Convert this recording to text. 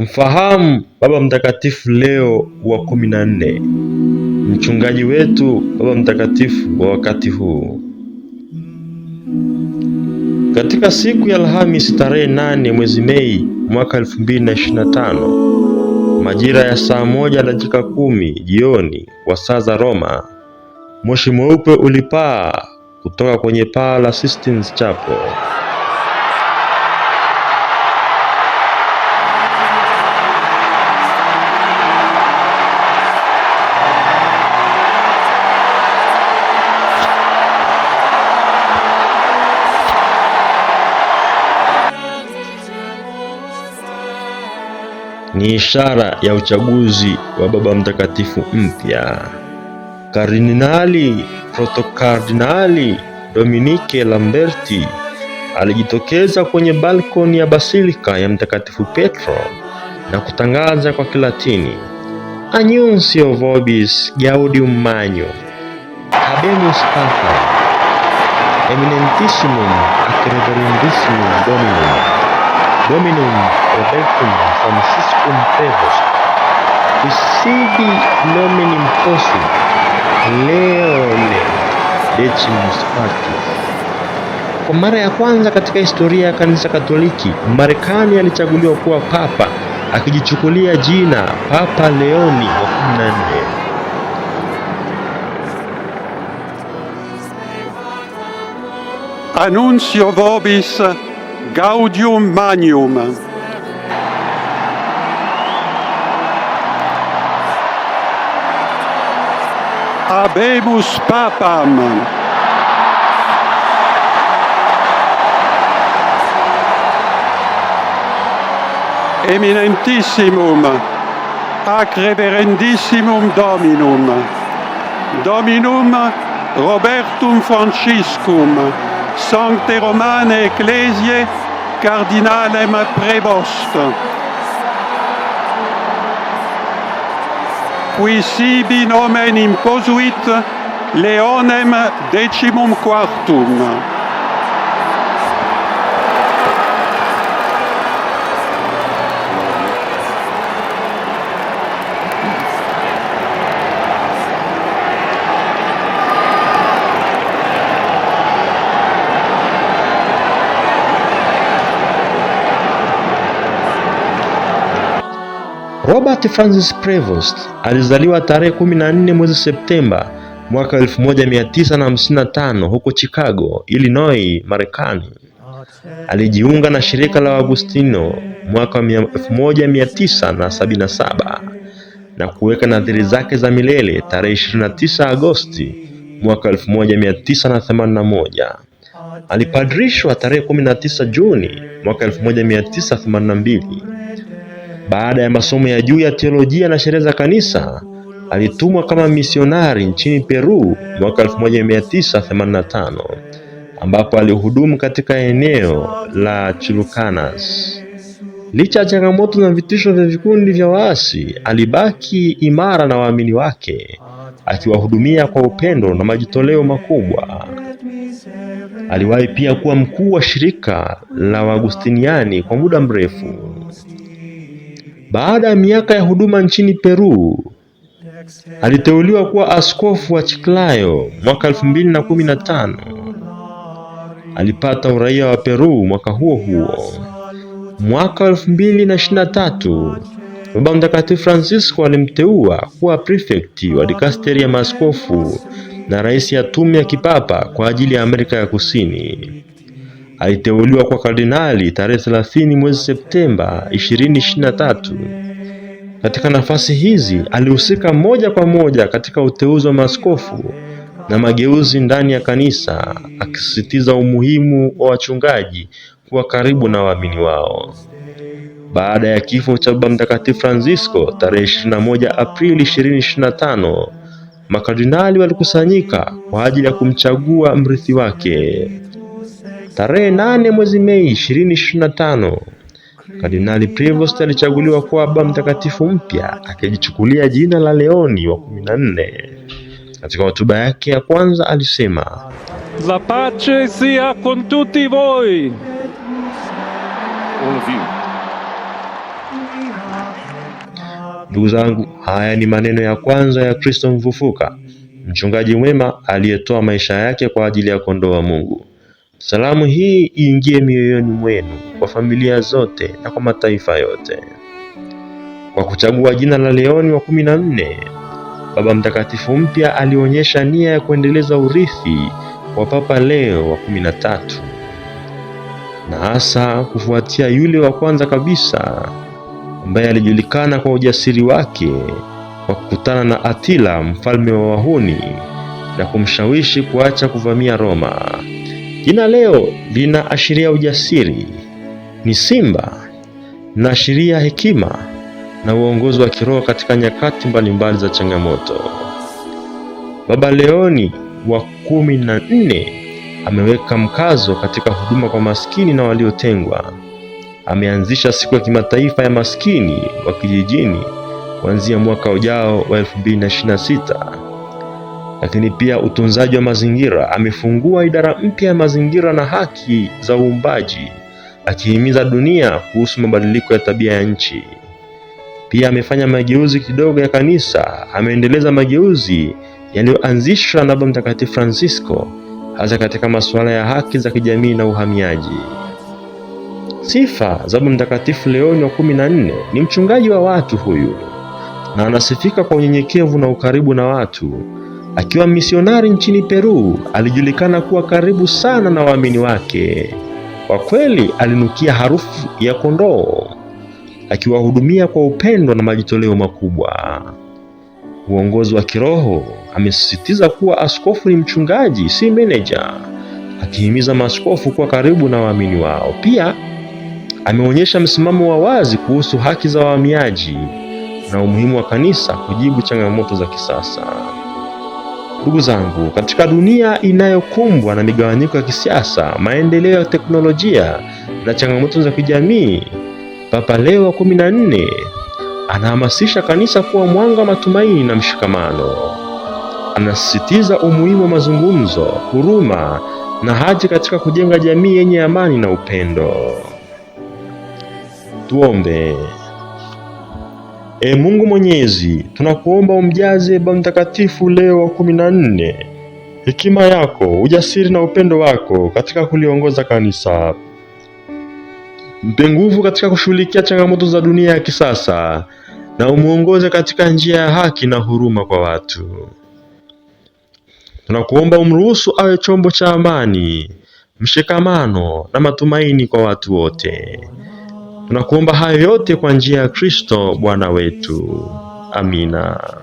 Mfahamu Baba Mtakatifu Leo wa kumi na nne, mchungaji wetu, Baba Mtakatifu wa wakati huu. Katika siku ya Alhamisi tarehe nane mwezi Mei mwaka 2025 majira ya saa moja dakika kumi jioni kwa saa za Roma, moshi mweupe ulipaa kutoka kwenye paa la Sistine Chapel. ni ishara ya uchaguzi wa Baba Mtakatifu mpya. Kardinali Protokardinali Dominike Lamberti alijitokeza kwenye balkoni ya basilika ya Mtakatifu Petro na kutangaza kwa Kilatini, Annuntio vobis Gaudium Magno habemus Papa Eminentissimum ac Reverendissimum Dominum Dominum Protectum Franciscum Prevost, Kusidi Nominum Possi, Leone Decimus Pacis. Kwa mara ya kwanza katika historia ya kanisa Katoliki, Marekani alichaguliwa kuwa papa akijichukulia jina Papa Leoni wa 14. Annuncio vobis Gaudium Magnum. Abemus Papam. Eminentissimum, ac reverendissimum Dominum, Dominum Robertum Franciscum, Sancte Romane Ecclesiae, cardinalem Prebost. Qui sibi nomen imposuit Leonem decimum quartum. Robert Francis Prevost alizaliwa tarehe 14 mwezi Septemba mwaka 1955 huko Chicago, Illinois, Marekani. Alijiunga na shirika la Agustino mwaka 1977 na kuweka nadhiri zake za milele tarehe 29 Agosti mwaka 1981. Alipadrishwa tarehe 19 Juni mwaka 1982. Baada ya masomo ya juu ya teolojia na sheria za kanisa, alitumwa kama misionari nchini Peru mwaka 1985 ambapo alihudumu katika eneo la Chulucanas. Licha ya changamoto na vitisho vya vikundi vya waasi, alibaki imara na waamini wake, akiwahudumia kwa upendo na majitoleo makubwa. Aliwahi pia kuwa mkuu wa shirika la Waagustiniani kwa muda mrefu. Baada ya miaka ya huduma nchini Peru, aliteuliwa kuwa askofu wa Chiclayo mwaka 2015. Alipata uraia wa Peru mwaka huo huo. Mwaka 2023, Baba Mtakatifu Francisco alimteua kuwa prefect wa dikasteri ya maaskofu na rais ya tume ya kipapa kwa ajili ya Amerika ya Kusini aliteuliwa kwa kardinali tarehe 30 mwezi Septemba 2023. Katika nafasi hizi alihusika moja kwa moja katika uteuzi wa maaskofu na mageuzi ndani ya kanisa, akisisitiza umuhimu wa wachungaji kuwa karibu na waamini wao. Baada ya kifo cha Baba Mtakatifu Francisco tarehe 21 Aprili 2025, makardinali walikusanyika kwa ajili ya kumchagua mrithi wake. Tarehe nane mwezi Mei 2025, Kardinali Prevost alichaguliwa kuwa Baba Mtakatifu mpya akijichukulia jina la Leoni wa kumi na nne. Katika hotuba yake ya kwanza alisema, La pace sia con tutti voi. Ndugu zangu, haya ni maneno ya kwanza ya Kristo mfufuka, mchungaji mwema aliyetoa maisha yake kwa ajili ya kondoo wa Mungu. Salamu hii iingie mioyoni mwenu kwa familia zote na kwa mataifa yote. Kwa kuchagua jina la Leoni wa kumi na nne, Baba Mtakatifu mpya alionyesha nia ya kuendeleza urithi wa Papa Leo wa kumi na tatu na hasa kufuatia yule wa kwanza kabisa ambaye alijulikana kwa ujasiri wake wa kukutana na Atila mfalme wa wahuni na kumshawishi kuacha kuvamia Roma. Jina leo linaashiria ujasiri, ni simba, linaashiria hekima na uongozi wa kiroho katika nyakati mbalimbali za changamoto. Baba Leoni wa kumi na nne ameweka mkazo katika huduma kwa maskini na waliotengwa. Ameanzisha siku ya kimataifa ya maskini wa kijijini kuanzia mwaka ujao wa 2026 lakini pia utunzaji wa mazingira. Amefungua idara mpya ya mazingira na haki za uumbaji, akihimiza dunia kuhusu mabadiliko ya tabia ya nchi. Pia amefanya mageuzi kidogo ya kanisa. Ameendeleza mageuzi yaliyoanzishwa na Baba Mtakatifu Francisco, hasa katika masuala ya haki za kijamii na uhamiaji. Sifa za Baba Mtakatifu Leoni wa kumi na nne ni mchungaji wa watu huyu, na anasifika kwa unyenyekevu na ukaribu na watu Akiwa misionari nchini Peru, alijulikana kuwa karibu sana na waamini wake. Kwa kweli alinukia harufu ya kondoo, akiwahudumia kwa upendo na majitoleo makubwa. Uongozi wa kiroho amesisitiza kuwa askofu ni mchungaji, si meneja, akihimiza maaskofu kuwa karibu na waamini wao. Pia ameonyesha msimamo wa wazi kuhusu haki za wahamiaji na umuhimu wa kanisa kujibu changamoto za kisasa. Ndugu zangu, katika dunia inayokumbwa na migawanyiko ya kisiasa, maendeleo ya teknolojia na changamoto za kijamii, Papa Leo wa kumi na nne anahamasisha kanisa kuwa mwanga wa matumaini na mshikamano. Anasisitiza umuhimu wa mazungumzo, huruma na haja katika kujenga jamii yenye amani na upendo. Tuombe. E Mungu Mwenyezi, tunakuomba umjaze Baba Mtakatifu Leo wa kumi na nne hekima yako, ujasiri na upendo wako katika kuliongoza kanisa. Mpe nguvu katika kushughulikia changamoto za dunia ya kisasa na umuongoze katika njia ya haki na huruma kwa watu. Tunakuomba umruhusu awe chombo cha amani, mshikamano na matumaini kwa watu wote. Tunakuomba hayo yote kwa njia ya Kristo Bwana wetu. Amina.